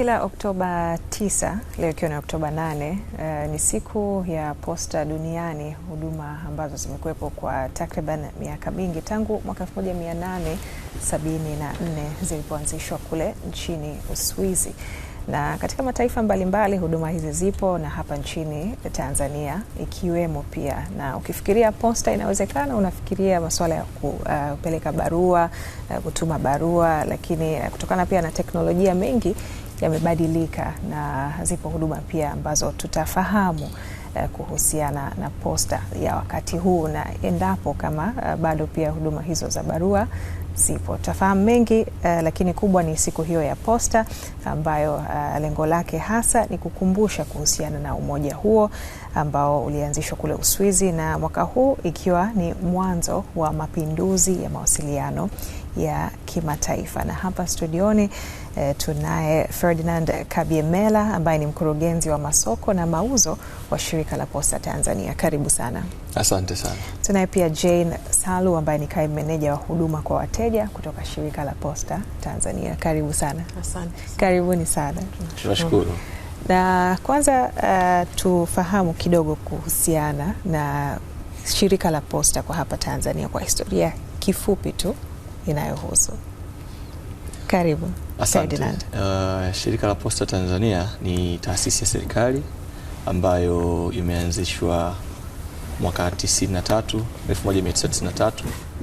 kila Oktoba 9, leo ikiwa ni Oktoba 8, uh, eh, ni siku ya posta duniani, huduma ambazo zimekuwepo kwa takriban miaka mingi tangu mwaka 1874 zilipoanzishwa kule nchini Uswizi na katika mataifa mbalimbali mbali, huduma hizi zipo na hapa nchini Tanzania ikiwemo pia. Na ukifikiria posta, inawezekana unafikiria masuala ya eh, kupeleka barua, eh, kutuma barua, lakini kutokana pia na teknolojia mengi yamebadilika na zipo huduma pia ambazo tutafahamu eh, kuhusiana na posta ya wakati huu na endapo kama eh, bado pia huduma hizo za barua zipo, tutafahamu mengi eh, lakini kubwa ni siku hiyo ya posta ambayo eh, lengo lake hasa ni kukumbusha kuhusiana na umoja huo ambao ulianzishwa kule Uswizi na mwaka huu ikiwa ni mwanzo wa mapinduzi ya mawasiliano ya kimataifa. Na hapa studioni E, tunaye Ferdinand kabiemela ambaye ni mkurugenzi wa masoko na mauzo wa shirika la Posta Tanzania. Karibu sana. Asante sana. Tunaye pia Jane Salu ambaye ni kaimu meneja wa huduma kwa wateja kutoka shirika la Posta Tanzania. Karibu sana. Asante. Karibuni sana. Tunashukuru. Na kwanza uh, tufahamu kidogo kuhusiana na shirika la Posta kwa hapa Tanzania kwa historia kifupi tu inayohusu. Karibu. Asante. Uh, shirika la Posta Tanzania ni taasisi ya serikali ambayo imeanzishwa mwaka 93 1993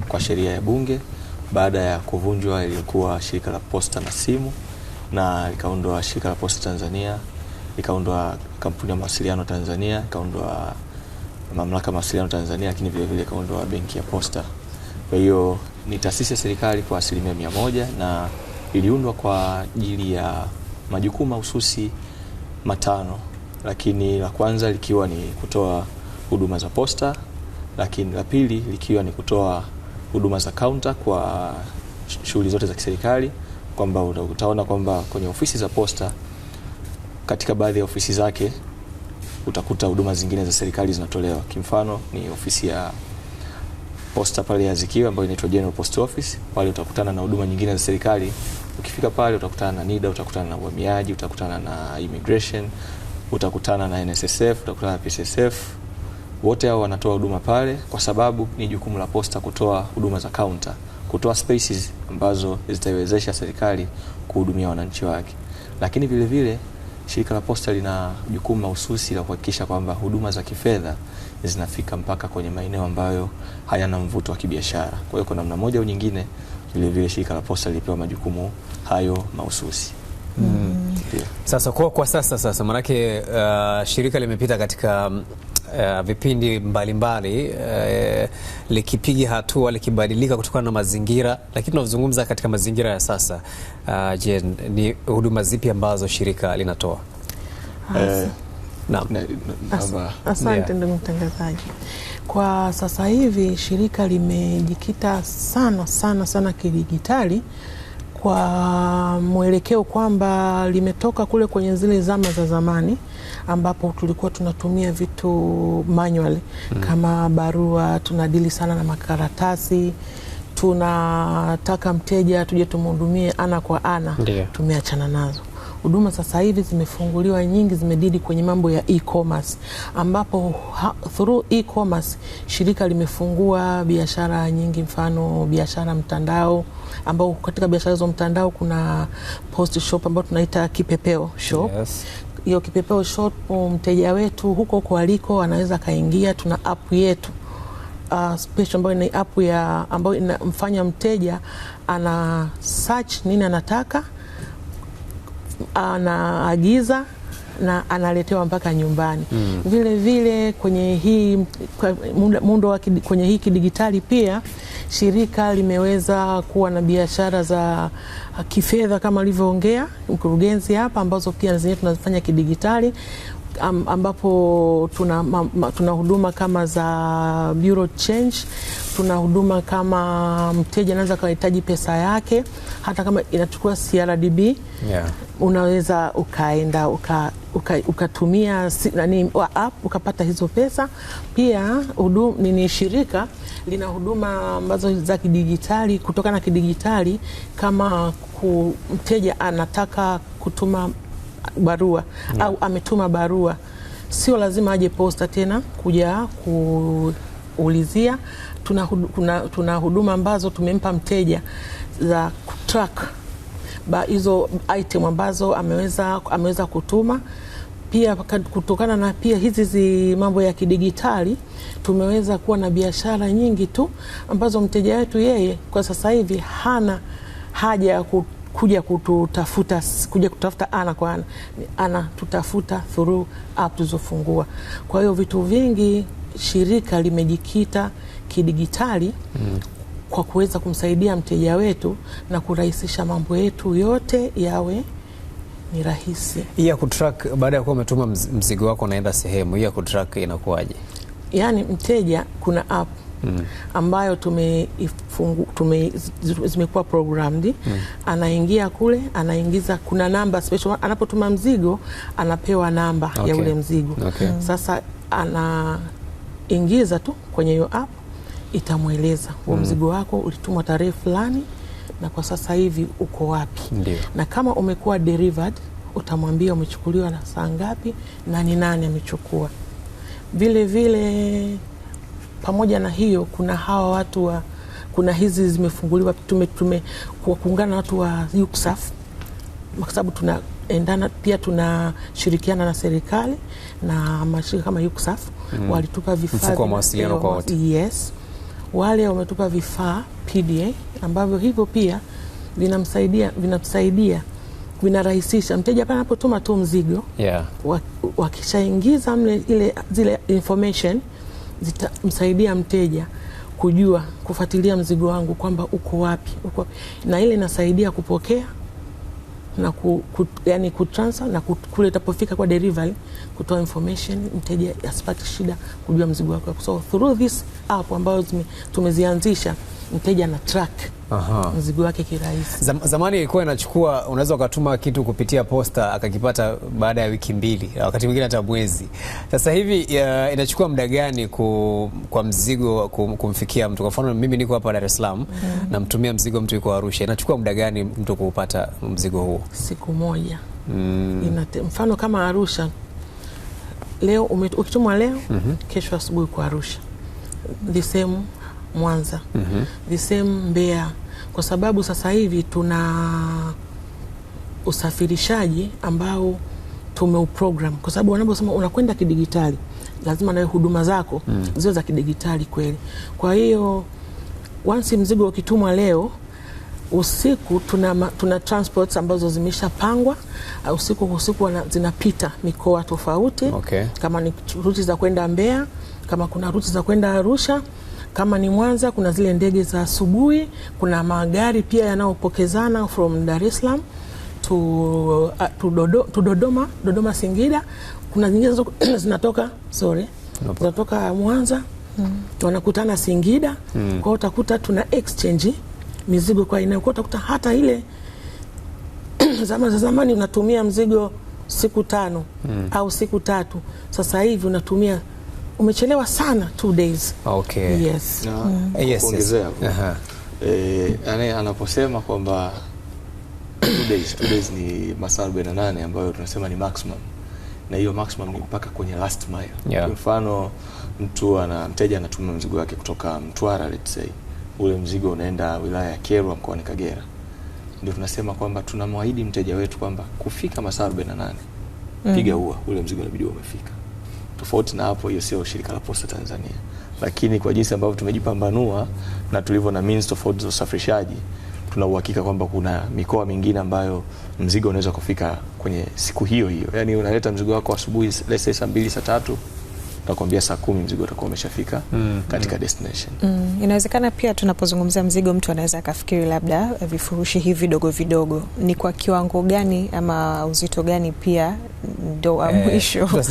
kwa sheria ya Bunge baada ya kuvunjwa iliyokuwa shirika la Posta na Simu, na likaundwa shirika la Posta Tanzania, likaundwa kampuni ya mawasiliano Tanzania, ikaundwa mamlaka ya mawasiliano Tanzania, lakini vile ikaundwa benki ya Posta. Kwa hiyo ni taasisi ya serikali kwa asilimia mia moja na iliundwa kwa ajili ya majukumu mahususi matano, lakini la kwanza likiwa ni kutoa huduma za posta, lakini la pili likiwa ni kutoa huduma za kaunta kwa shughuli zote za kiserikali, kwamba utaona kwamba kwenye ofisi za posta, katika baadhi ya ofisi zake utakuta huduma zingine za serikali zinatolewa. Kimfano ni ofisi ya posta pale ya Zikiwa ambayo inaitwa General Post Office, pale utakutana na huduma nyingine za serikali Ukifika pale utakutana na NIDA, utakutana na uhamiaji, utakutana na immigration, utakutana na NSSF, utakutana na PSSF. Wote hao wanatoa huduma pale, kwa sababu ni jukumu la posta kutoa huduma za kaunta, kutoa spaces ambazo zitaiwezesha serikali kuhudumia wananchi wake, lakini vile vile shirika la posta lina jukumu mahususi la kuhakikisha kwamba huduma za kifedha zinafika mpaka kwenye maeneo ambayo hayana mvuto wa kibiashara. Kwa hiyo kwa namna moja au nyingine, vile vile shirika la posta lilipewa majukumu hayo mahususi. Mm. Sasa kwa, kwa sasa sasa maanake uh, shirika limepita katika uh, vipindi mbalimbali uh, likipiga hatua likibadilika kutokana na mazingira, lakini tunazungumza katika mazingira ya sasa uh, je, ni huduma zipi ambazo shirika linatoa? Uh, Asante ndugu mtangazaji. Kwa sasa hivi shirika limejikita sana sana sana kidigitali kwa mwelekeo kwamba limetoka kule kwenye zile zama za zamani ambapo tulikuwa tunatumia vitu manual mm. kama barua, tunadili sana na makaratasi, tunataka mteja tuje tumhudumie ana kwa ana, tumeachana nazo huduma sasa hivi zimefunguliwa nyingi, zimedidi kwenye mambo ya e-commerce, ambapo through e-commerce shirika limefungua biashara nyingi, mfano biashara mtandao, ambao katika biashara za mtandao kuna post shop ambayo tunaita kipepeo shop yes hiyo kipepeo shop, mteja wetu huko huko aliko anaweza akaingia. Tuna app yetu uh, special ambayo ni app ya ambayo inamfanya mteja ana search nini anataka anaagiza na analetewa mpaka nyumbani mm. Vile vile kwenye hii muundo wa kwenye hii kidigitali pia shirika limeweza kuwa na biashara za kifedha kama alivyoongea mkurugenzi hapa, ambazo pia zenyewe tunazifanya kidigitali ambapo tuna, ma, tuna huduma kama za bureau change, tuna huduma kama mteja anaweza kahitaji pesa yake hata kama inachukua CRDB yeah. Unaweza ukaenda uka, uka, ukatumia si, nani, app ukapata hizo pesa pia. Hudum, nini shirika lina huduma ambazo za kidijitali, kutokana na kidijitali kama ku, mteja anataka kutuma barua yeah. Mm. au ametuma barua, sio lazima aje posta tena kuja kuulizia. Tuna, tuna, tuna huduma ambazo tumempa mteja za kutrack hizo item ambazo ameweza, ameweza kutuma pia kutokana na pia hizi zi mambo ya kidigitali tumeweza kuwa na biashara nyingi tu ambazo mteja wetu yeye kwa sasa hivi hana haja ya kuja kututafuta, kuja kutafuta ana kwa ana, ana tutafuta through app tulizofungua. Kwa hiyo vitu vingi shirika limejikita kidigitali mm kwa kuweza kumsaidia mteja wetu na kurahisisha mambo yetu yote yawe ni rahisi. Hii ya kutrack, baada ya kuwa umetuma mzigo wako unaenda sehemu, hii ya kutrack inakuwaje? Yaani mteja, kuna app mm. ambayo tume tume zimekuwa programmed mm. Anaingia kule anaingiza, kuna namba special, anapotuma mzigo anapewa namba okay. ya ule mzigo okay. mm. Sasa anaingiza tu kwenye hiyo app itamweleza huo mm. mzigo wako ulitumwa tarehe fulani na kwa sasa hivi uko wapi? Ndiyo. Na kama umekuwa delivered utamwambia umechukuliwa na saa ngapi na ni nani amechukua. Vile vile pamoja na hiyo, kuna hawa watu wa kuna hizi zimefunguliwa tume, tume kwa kuungana watu wa UCSAF kwa sababu tunaendana pia tunashirikiana na serikali na mashirika kama UCSAF mm. walitupa vifaa kwa mawasiliano kwa wote. Yes, wale wametupa vifaa PDA ambavyo hivyo pia vinamsaidia vinamsaidia vinarahisisha mteja pale anapotuma tu mzigo yeah. Wakishaingiza mle ile zile information zitamsaidia mteja kujua kufuatilia mzigo wangu kwamba uko wapi, uko na ile inasaidia kupokea na ku, ku, yani kutransfer na kule itapofika kwa delivery kutoa information mteja asipate shida kujua mzigo wako. So through this app ambayo tumezianzisha mteja na track mzigo wake kirahisi. Zam, zamani ilikuwa inachukua, unaweza ukatuma kitu kupitia posta akakipata baada ya wiki mbili, wakati mwingine hata mwezi. Sasa hivi uh, inachukua muda gani ku, kwa mzigo kum, kumfikia mtu? Kwa mfano mimi niko hapa Dar es Salaam mm -hmm. namtumia mzigo mtu yuko Arusha, inachukua muda gani mtu kuupata mzigo huo? Siku moja mm. Inate, mfano kama Arusha leo ukitumwa leo mm -hmm. kesho asubuhi kwa Arusha the same Mwanza mm -hmm. the same Mbeya, kwa sababu sasa hivi tuna usafirishaji ambao tumeuprogram, kwa sababu wanaposema unakwenda kidigitali, lazima nawe huduma zako mm. ziwe za kidigitali kweli. Kwa hiyo once mzigo ukitumwa leo usiku tuna, tuna transports ambazo zimeshapangwa usiku usiku wana, zinapita mikoa tofauti okay. Kama ni ruti za kwenda Mbeya, kama kuna ruti za kwenda Arusha kama ni Mwanza, kuna zile ndege za asubuhi, kuna magari pia yanayopokezana from Dar es Salaam to, uh, to, Dodo, to Dodoma, Dodoma Singida. Kuna zingine zinatoka sorry, zinatoka Mwanza mm. wanakutana Singida mm. kwao, utakuta tuna exchange mizigo kwa aina kwao, utakuta hata ile zama za zamani unatumia mzigo siku tano mm. au siku tatu, sasa hivi unatumia umechelewa sana two days. Okay. Yes. Na, mm. Eh, yes, yes. Uh -huh. E, ane, anaposema kwamba two days, two days ni masaa 48 ambayo tunasema ni maximum na hiyo maximum ni mpaka kwenye last mile. Yeah. Kwa mfano mtu ana mteja anatuma mzigo wake kutoka Mtwara let's say, ule mzigo unaenda wilaya ya Kyerwa mkoani Kagera, ndio tunasema kwamba tunamwahidi mteja wetu kwamba kufika masaa 48 mm. piga ua ule mzigo unabidi umefika. Tofauti na hapo, hiyo sio shirika la posta Tanzania, lakini kwa jinsi ambavyo tumejipambanua na tulivyo na means tofauti za usafirishaji, tuna uhakika kwamba kuna mikoa mingine ambayo mzigo unaweza kufika kwenye siku hiyo hiyo, yani unaleta mzigo wako asubuhi, let's say saa mbili saa tatu nakwambia saa kumi mzigo utakuwa umeshafika mm, katika mm. destination mm. Inawezekana pia tunapozungumzia mzigo mtu anaweza akafikiri labda vifurushi hivi vidogo vidogo, ni kwa kiwango gani ama uzito gani? Pia ndo wa eh, mwisho eh, eh,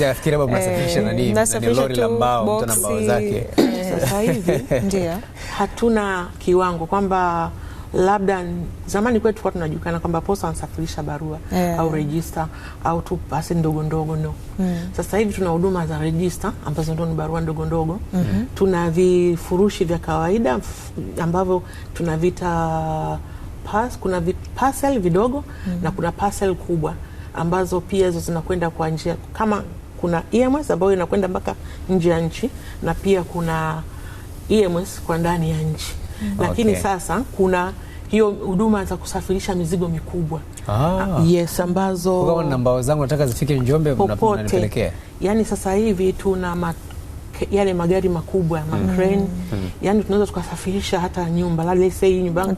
sasa hivi ndio hatuna kiwango kwamba labda zamani kwetu kwa tunajulikana kwamba posta wanasafirisha barua yeah, au rejista au tu pasi ndogo ndogo ndo Mm. Sasa hivi tuna huduma za rejista ambazo ndo ni barua ndogo ndogo. Mm -hmm. Tuna vifurushi vya kawaida ambavyo tunavita pas, kuna parcel vidogo mm -hmm. na kuna parcel kubwa ambazo pia hizo zinakwenda kwa njia kama kuna EMS ambayo inakwenda mpaka nje ya nchi na pia kuna EMS kwa ndani ya nchi. Mm. okay. Lakini sasa kuna hiyo huduma za kusafirisha mizigo mikubwa ah. Yes, ambazo na mbao zangu nataka zifike Njombe popote, yani sasa hivi tuna ma, yale magari makubwa ma mm. mm. yani tunaweza tukasafirisha hata nyumba let's hii nyumba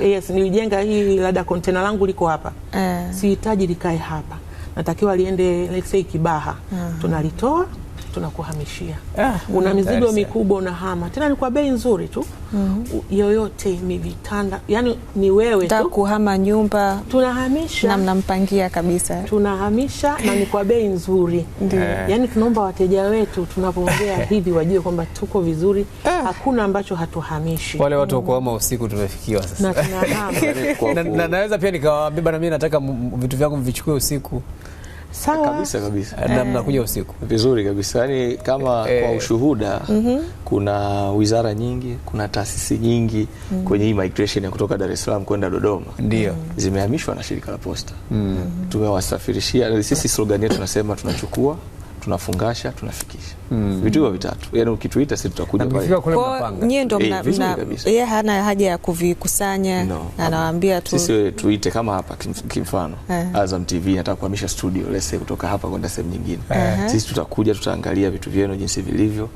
yes, nilijenga hii labda container langu liko hapa eh. Sihitaji likae hapa, natakiwa liende let's say Kibaha mm. tunalitoa tunakuhamishia ah, una mizigo mikubwa unahama, tena ni kwa bei nzuri tu mm -hmm. Yoyote ni vitanda, yani ni wewe tu kuhama nyumba, tunahamisha na mnampangia kabisa, tunahamisha na ni kwa bei nzuri yeah. Yani tunaomba wateja wetu tunapoongea hivi wajue kwamba tuko vizuri ah. Hakuna ambacho hatuhamishi. Wale watu wa kuhama usiku tumefikiwa sasa na tunahama na, na, naweza pia nikawaambia na mimi nataka vitu vyangu vichukue usiku sawa kabisa kabisa, na eh. mnakuja usiku vizuri kabisa. Yani kama eh, kwa ushuhuda mm -hmm. kuna wizara nyingi, kuna taasisi nyingi mm -hmm. kwenye hii migration ya kutoka Dar es Salaam kwenda Dodoma ndio mm -hmm. zimehamishwa na shirika la posta mm -hmm. tumewasafirishia sisi, slogan yetu tunasema tunachukua tunafungasha tunafikisha mm. vitu hivyo vitatu yani ukituita sisi tutakuja nyie ndo eh, yeye hana haja ya kuvikusanya no, anawaambia tu sisi tuite kama hapa kimfano uh eh. -huh. Azam TV nataka kuhamisha studio lese kutoka hapa kwenda sehemu nyingine uh eh. -huh. sisi tutakuja tutaangalia vitu vyenu jinsi vilivyo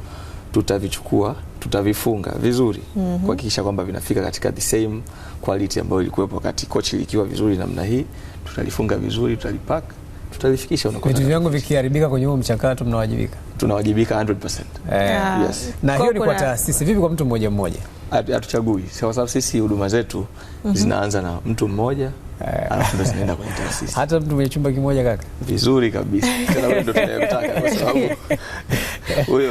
tutavichukua tutavifunga vizuri mm -hmm. kuhakikisha kwamba vinafika katika the same quality ambayo ilikuwepo wakati kochi likiwa vizuri namna hii tutalifunga vizuri tutalipaka tutalifikisha. Vitu vyangu vikiharibika kwenye huo mchakato, mnawajibika? Tunawajibika 100%. Eh, yes. Na hiyo ni kwa taasisi. Vipi kwa mtu mmoja mmoja? Hatuchagui kwa sababu sisi huduma zetu mm -hmm. zinaanza na mtu mmoja eh. alafu ndo zinaenda kwenye taasisi. Hata mtu mwenye chumba kimoja kaka, vizuri kabisa. Tena wewe ndo tunayemtaka kwa sababu huyo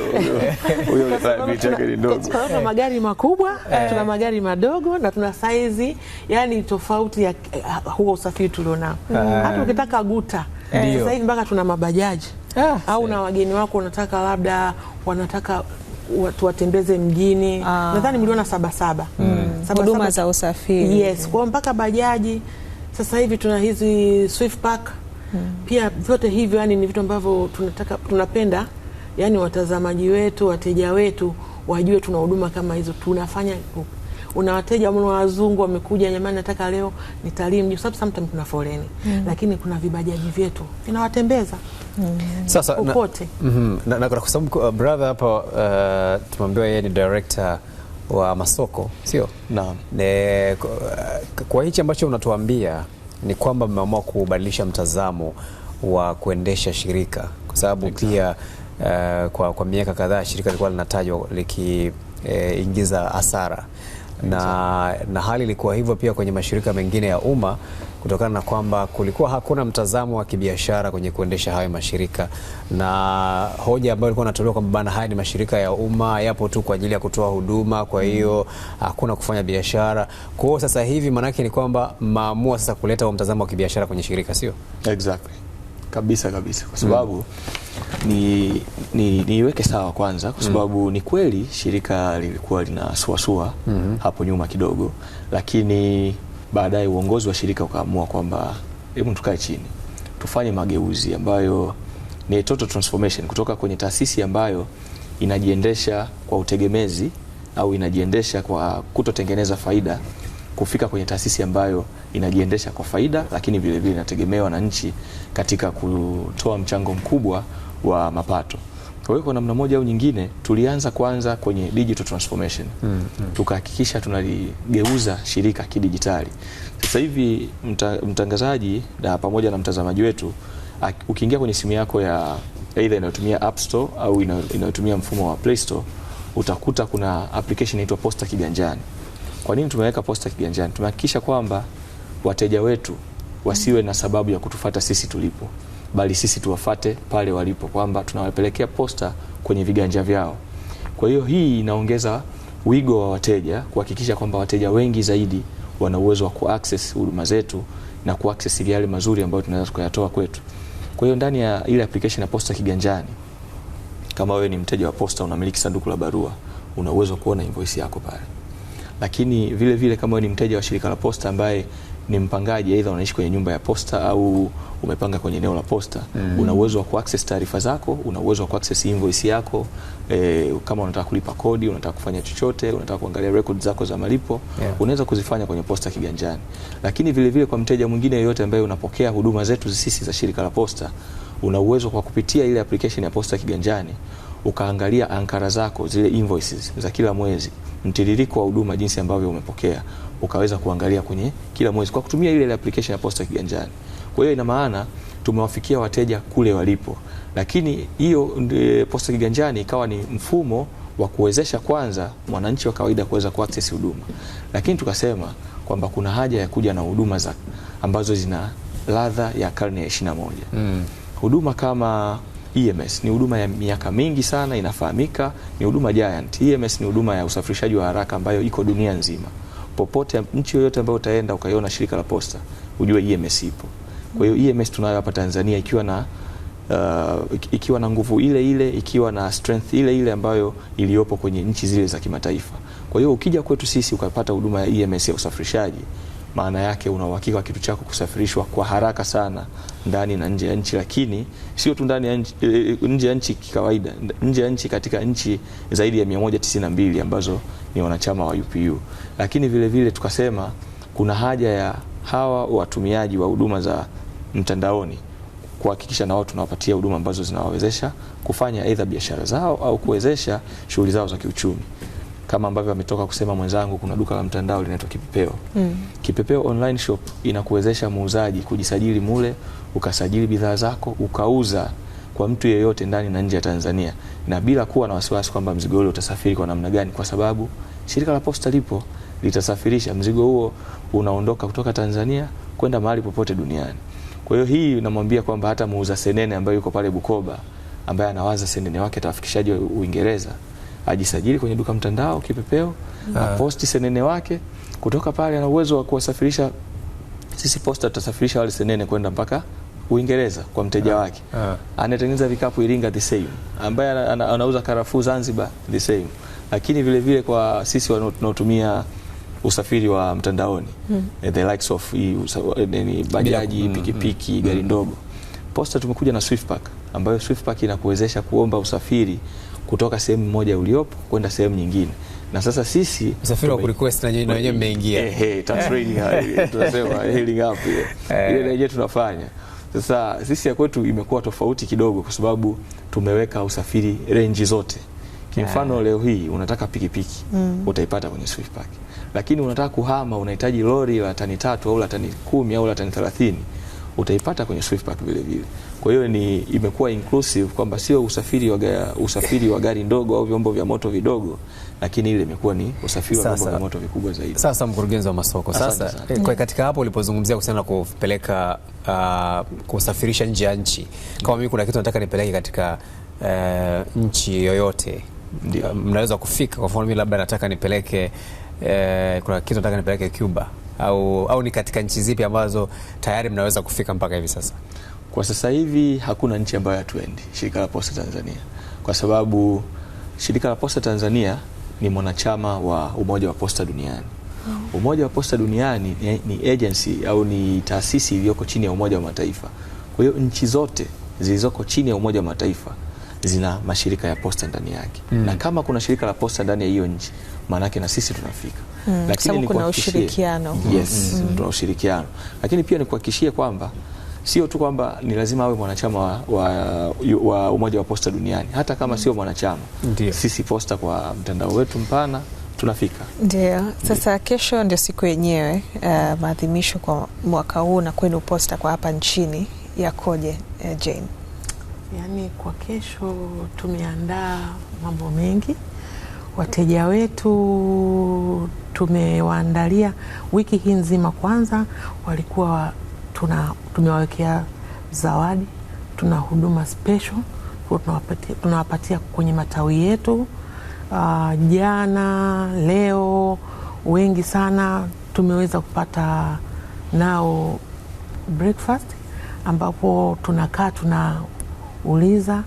huyo ni private yake ni ndogo. Tuna magari makubwa, eh. tuna magari madogo na tuna saizi yani tofauti ya eh, huo usafiri tulionao. Hata ukitaka guta eh, sasa hivi mpaka tuna mabajaji ah, au na wageni wako unataka labda wanataka watu watembeze mjini ah. Nadhani miliona mm. saba huduma mm. za usafiri yes, kwa mpaka bajaji. Sasa hivi tuna hizi Swift Park mm. pia vyote hivyo, yani ni vitu ambavyo tunataka tunapenda, yani watazamaji wetu, wateja wetu wajue tuna huduma kama hizo tunafanya Una wateja mno wazungu wamekuja, jamani, nataka leo nitalii mji, sababu sometimes kuna foreni mm. lakini kuna vibajaji vyetu vinawatembeza mm. Sasa popote mm -hmm. na, na, kwa sababu uh, brother hapa uh, tumeambiwa yeye ni director wa masoko sio? Naam. Uh, kwa hichi ambacho unatuambia ni kwamba mmeamua kubadilisha mtazamo wa kuendesha shirika kwa sababu exactly. pia uh, kwa, kwa miaka kadhaa shirika lilikuwa linatajwa likiingiza eh, hasara na, na hali ilikuwa hivyo pia kwenye mashirika mengine ya umma kutokana na kwamba kulikuwa hakuna mtazamo wa kibiashara kwenye kuendesha hayo mashirika, na hoja ambayo ilikuwa inatolewa kwamba bana, haya ni mashirika ya umma, yapo tu kwa ajili ya kutoa huduma, kwa mm. hiyo hakuna kufanya biashara. Kwa hiyo sasa hivi maanake ni kwamba maamua sasa kuleta mtazamo wa kibiashara kwenye shirika, sio exactly kabisa kabisa, kwa sababu mm ni, ni sawa kwanza kwa mm. sababu mm. ni kweli shirika lilikuwa linasuasua mm -hmm. hapo nyuma kidogo, lakini baadaye uongozi wa shirika ukaamua kwamba hebu tukae chini tufanye mageuzi ambayo ni total transformation kutoka kwenye taasisi ambayo inajiendesha kwa utegemezi au inajiendesha kwa kutotengeneza faida kufika kwenye taasisi ambayo inajiendesha kwa faida, lakini vile vile inategemewa na nchi katika kutoa mchango mkubwa wa mapato. Kwa hiyo kwa namna moja au nyingine tulianza kwanza kwenye digital transformation mm, mm. Tukahakikisha tunaligeuza shirika kidijitali. Sasa hivi mta, mtangazaji na pamoja na mtazamaji wetu ukiingia kwenye simu yako ya aidha inayotumia App Store au inayotumia mfumo wa Play Store utakuta kuna application inaitwa Posta Kiganjani. Kwa nini tumeweka posta kiganjani? Tumehakikisha kwamba wateja wetu wasiwe na sababu ya kutufata sisi tulipo, bali sisi tuwafate pale walipo, kwamba tunawapelekea posta kwenye viganja vyao. Kwa hiyo hii inaongeza wigo wa wateja kuhakikisha kwamba wateja wengi zaidi wana uwezo wa kuaccess huduma zetu na kuaccess yale mazuri ambayo tunaweza kuyatoa kwetu. Kwa hiyo ndani ya ile application ya posta kiganjani, kama wewe ni mteja wa posta, unamiliki sanduku la barua, una uwezo wa kuona invoice yako pale lakini vile vile kama wewe ni mteja wa shirika la posta ambaye ni mpangaji, aidha unaishi kwenye nyumba ya posta au umepanga kwenye eneo la posta mm. una uwezo wa kuaccess taarifa zako, una uwezo wa kuaccess invoice yako e, kama unataka kulipa kodi, unataka kufanya chochote, unataka kuangalia record zako za malipo yeah. unaweza kuzifanya kwenye posta kiganjani. Lakini vile vile kwa mteja mwingine yeyote ambaye unapokea huduma zetu sisi za shirika la posta, una uwezo kwa kupitia ile application ya posta kiganjani ukaangalia ankara zako zile invoices za kila mwezi, mtiririko wa huduma, jinsi ambavyo umepokea, ukaweza kuangalia kwenye kila mwezi kwa kutumia ile application ya posta kiganjani. Kwa hiyo ina maana tumewafikia wateja kule walipo, lakini hiyo eh, posta kiganjani ikawa ni mfumo wa kuwezesha kwanza mwananchi wa kawaida kuweza kuaccess huduma, lakini tukasema kwamba kuna haja ya kuja na huduma za ambazo zina ladha ya karne ya 21 mm. huduma kama EMS ni huduma ya miaka mingi sana inafahamika, ni huduma giant. EMS ni huduma ya usafirishaji wa haraka ambayo iko dunia nzima. Popote nchi yoyote ambayo utaenda ukaiona shirika la posta, ujue EMS ipo. Kwa hiyo EMS tunayo hapa Tanzania ikiwa na uh, ikiwa na nguvu ile ile, ikiwa na strength ile ile ambayo iliyopo kwenye nchi zile za kimataifa. Kwa hiyo ukija kwetu sisi ukapata huduma ya EMS ya usafirishaji maana yake una uhakika wa kitu chako kusafirishwa kwa haraka sana ndani na nje ya nchi, lakini sio tu ndani ya nchi, eh, eh, nje ya nchi kikawaida, nje ya nchi katika nchi zaidi ya 192 ambazo ni wanachama wa UPU. Lakini vile vile tukasema kuna haja ya hawa watumiaji wa huduma za mtandaoni kuhakikisha na wao tunawapatia huduma ambazo zinawawezesha kufanya aidha biashara zao au kuwezesha shughuli zao za kiuchumi kama ambavyo ametoka kusema mwenzangu, kuna duka la mtandao linaitwa Kipepeo. Mm. Kipepeo online shop inakuwezesha muuzaji kujisajili mule, ukasajili bidhaa zako, ukauza kwa mtu yeyote ndani na nje ya Tanzania na bila kuwa na wasiwasi kwamba mzigo ule utasafiri kwa namna gani, kwa sababu shirika la posta lipo litasafirisha mzigo huo, unaondoka kutoka Tanzania kwenda mahali popote duniani. Kwa hiyo hii namwambia kwamba hata muuza senene ambaye yuko pale Bukoba ambaye anawaza senene wake atawafikishaje Uingereza ajisajili kwenye duka mtandao kipepeo, ah. aposti senene wake. Kutoka pale ana uwezo wa kuwasafirisha sisi posta tutasafirisha wale senene kwenda mpaka Uingereza kwa mteja yeah, wake. yeah. Anatengeneza vikapu Iringa the same, ambaye anauza karafuu Zanzibar the same, lakini vile vile kwa sisi wanaotumia usafiri wa mtandaoni hmm. Eh, the likes of eh, bajaji, pikipiki, hmm. gari hmm. ndogo, mm. posta tumekuja na Swift Pack ambayo Swift Pack inakuwezesha kuomba usafiri kutoka sehemu moja uliopo kwenda sehemu nyingine na sasa sisi usafiri wa kurequest na nyinyi wenyewe mmeingia, eh, eh tunasema hailing up ile na yenyewe tunafanya. Sasa sisi ya kwetu imekuwa tofauti kidogo, kwa sababu tumeweka usafiri range zote. Kimfano yeah. Leo hii unataka pikipiki mm. utaipata kwenye Swift Park, lakini unataka kuhama, unahitaji lori la tani tatu au la tani kumi au la tani thelathini utaipata kwenye Swiftpack vile vile. Kwa hiyo ni imekuwa inclusive kwamba sio usafiri wa usafiri wa gari ndogo au vyombo vya moto vidogo, lakini ile imekuwa ni usafiri wa vyombo vya moto vikubwa zaidi. Sasa mkurugenzi wa masoko, sasa eh, kwa katika hapo ulipozungumzia kuhusiana na kupeleka uh, kusafirisha nje ya nchi, kama mimi kuna kitu nataka nipeleke katika uh, nchi yoyote mnaweza kufika. Kwa mfano mimi labda nataka nipeleke uh, kuna kitu nataka nipeleke Cuba au, au ni katika nchi zipi ambazo tayari mnaweza kufika mpaka hivi sasa? Kwa sasa hivi hakuna nchi ambayo hatuendi shirika la posta Tanzania, kwa sababu shirika la posta Tanzania ni mwanachama wa umoja wa posta duniani. Mm. Umoja wa posta duniani ni, ni agency au ni taasisi iliyoko chini ya Umoja wa Mataifa. Kwa hiyo nchi zote zilizoko chini ya Umoja wa Mataifa zina mashirika ya posta ndani yake mm. na kama kuna shirika la posta ndani ya hiyo nchi, maanake na sisi tunafika mm. kuna ushirikiano yes, mm. tuna ushirikiano lakini pia nikuhakikishie kwamba sio tu kwamba ni lazima awe mwanachama wa, wa, wa Umoja wa Posta Duniani, hata kama sio mwanachama Ndiyo. Sisi Posta kwa mtandao wetu mpana tunafika. Ndio mm. sasa, kesho ndio siku yenyewe uh, maadhimisho kwa mwaka huu na kwenu Posta kwa hapa nchini yakoje, uh, Jane? Yani kwa kesho tumeandaa mambo mengi Wateja wetu tumewaandalia wiki hii nzima. Kwanza walikuwa tuna, tumewawekea zawadi, tuna huduma special tunawapatia, tunawapatia kwenye matawi yetu. Uh, jana leo wengi sana tumeweza kupata nao breakfast ambapo tunakaa tunauliza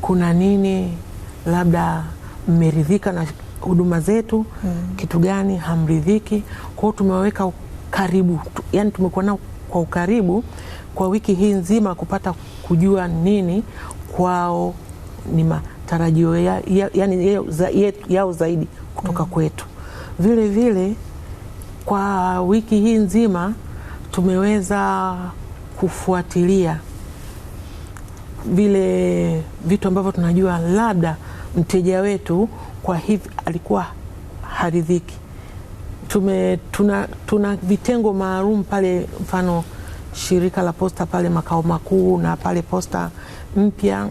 kuna nini labda mmeridhika na huduma zetu mm. kitu gani hamridhiki. Kwao tumeweka karibu, yani tumekuwa nao kwa ukaribu kwa wiki hii nzima kupata kujua nini kwao ni matarajio ya, ya, yani yao, za, yao zaidi kutoka mm. kwetu. Vile vile kwa wiki hii nzima tumeweza kufuatilia vile vitu ambavyo tunajua labda mteja wetu kwa hivi alikuwa haridhiki. Tume, tuna, tuna vitengo maalum pale, mfano shirika la posta pale makao makuu na pale posta mpya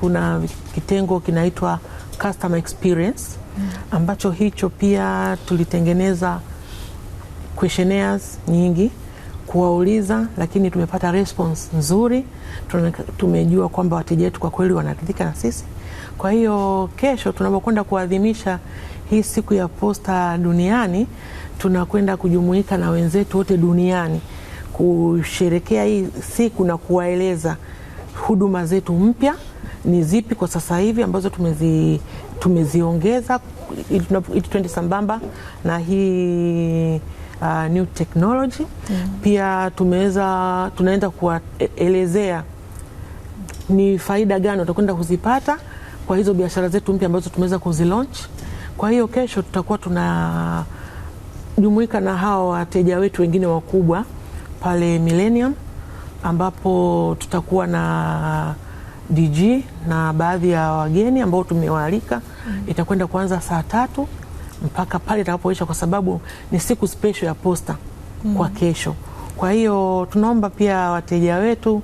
kuna kitengo kinaitwa customer experience ambacho hicho pia tulitengeneza questionnaires nyingi kuwauliza, lakini tumepata response nzuri. Tumejua kwamba wateja wetu kwa kweli wanaridhika na sisi. Kwa hiyo kesho tunapokwenda kuadhimisha hii siku ya posta duniani, tunakwenda kujumuika na wenzetu wote duniani kusherekea hii siku na kuwaeleza huduma zetu mpya ni zipi kwa sasa hivi ambazo tumezi, tumeziongeza ili tuende sambamba na hii uh, new technology mm. Pia tumeweza tunaenda kuwaelezea e, ni faida gani utakwenda kuzipata kwa hizo biashara zetu mpya ambazo tumeweza kuzilaunch. Kwa hiyo kesho tutakuwa tunajumuika na hawa wateja wetu wengine wakubwa pale Millennium ambapo tutakuwa na DG na baadhi ya wageni ambao tumewaalika. Mm. Itakwenda kuanza saa tatu mpaka pale itakapoisha, kwa sababu ni siku spesho ya posta mm. kwa kesho. Kwa hiyo tunaomba pia wateja wetu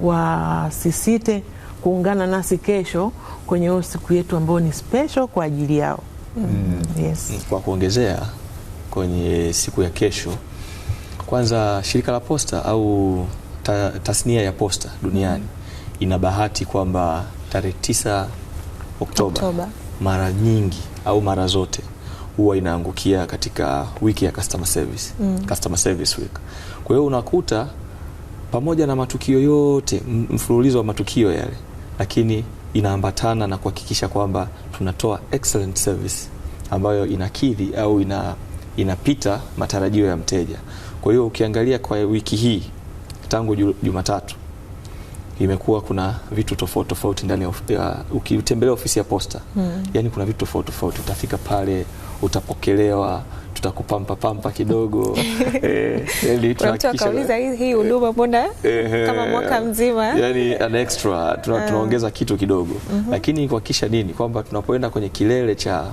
wasisite kuungana nasi kesho kwenye hiyo siku yetu ambayo ni spesho kwa ajili yao. Mm. mm. Yes. Mm, kwa kuongezea kwenye siku ya kesho, kwanza shirika la posta au ta, tasnia ya posta duniani mm. ina bahati kwamba tarehe 9 Oktoba mara nyingi au mara zote huwa inaangukia katika wiki ya customer service, mm. customer service week. Kwa hiyo unakuta pamoja na matukio yote, mfululizo wa matukio yale, lakini inaambatana na kuhakikisha kwamba tunatoa excellent service ambayo inakidhi au ina, inapita matarajio ya mteja. Kwa hiyo ukiangalia kwa wiki hii tangu Jumatatu imekuwa kuna vitu tofauti tofauti ndani ya ukitembelea ofisi ya posta mm. Yani kuna vitu tofauti tofauti, utafika pale utapokelewa tutakupampapampa mpapampa kidogo eh, eh, akauliza hii huduma mbona kama mwaka mzima yani an extra tuna, ah. tunaongeza kitu kidogo mm -hmm. Lakini kuhakikisha nini kwamba tunapoenda kwenye kilele cha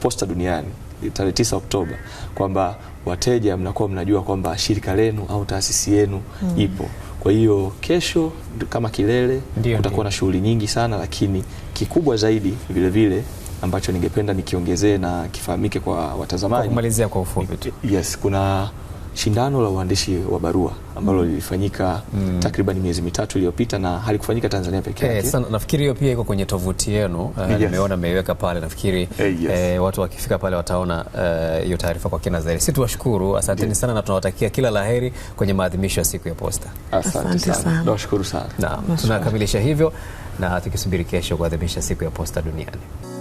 posta duniani tarehe 9 Oktoba kwamba wateja mnakuwa mnajua kwamba shirika lenu au taasisi yenu mm. ipo. Kwa hiyo kesho kama kilele, kutakuwa na shughuli nyingi sana, lakini kikubwa zaidi vilevile ambacho ningependa nikiongezee na kifahamike kwa watazamaji. Kumalizia kwa ufupi tu. Yes, kuna shindano la uandishi wa barua ambalo mm. lilifanyika mm. takriban miezi mitatu iliyopita na halikufanyika Tanzania pekee eh, yake. Hey, nafikiri hiyo pia iko kwenye tovuti yenu uh, yes. Nimeona mmeiweka pale nafikiri hey, eh, yes. eh, watu wakifika pale wataona hiyo uh, taarifa kwa kina zaidi. Sisi tuwashukuru, asanteni sana na tunawatakia kila laheri kwenye maadhimisho ya siku ya Posta. Asante sana, nawashukuru sana. Naam, tunakamilisha hivyo na tukisubiri kesho kuadhimisha siku ya Posta duniani.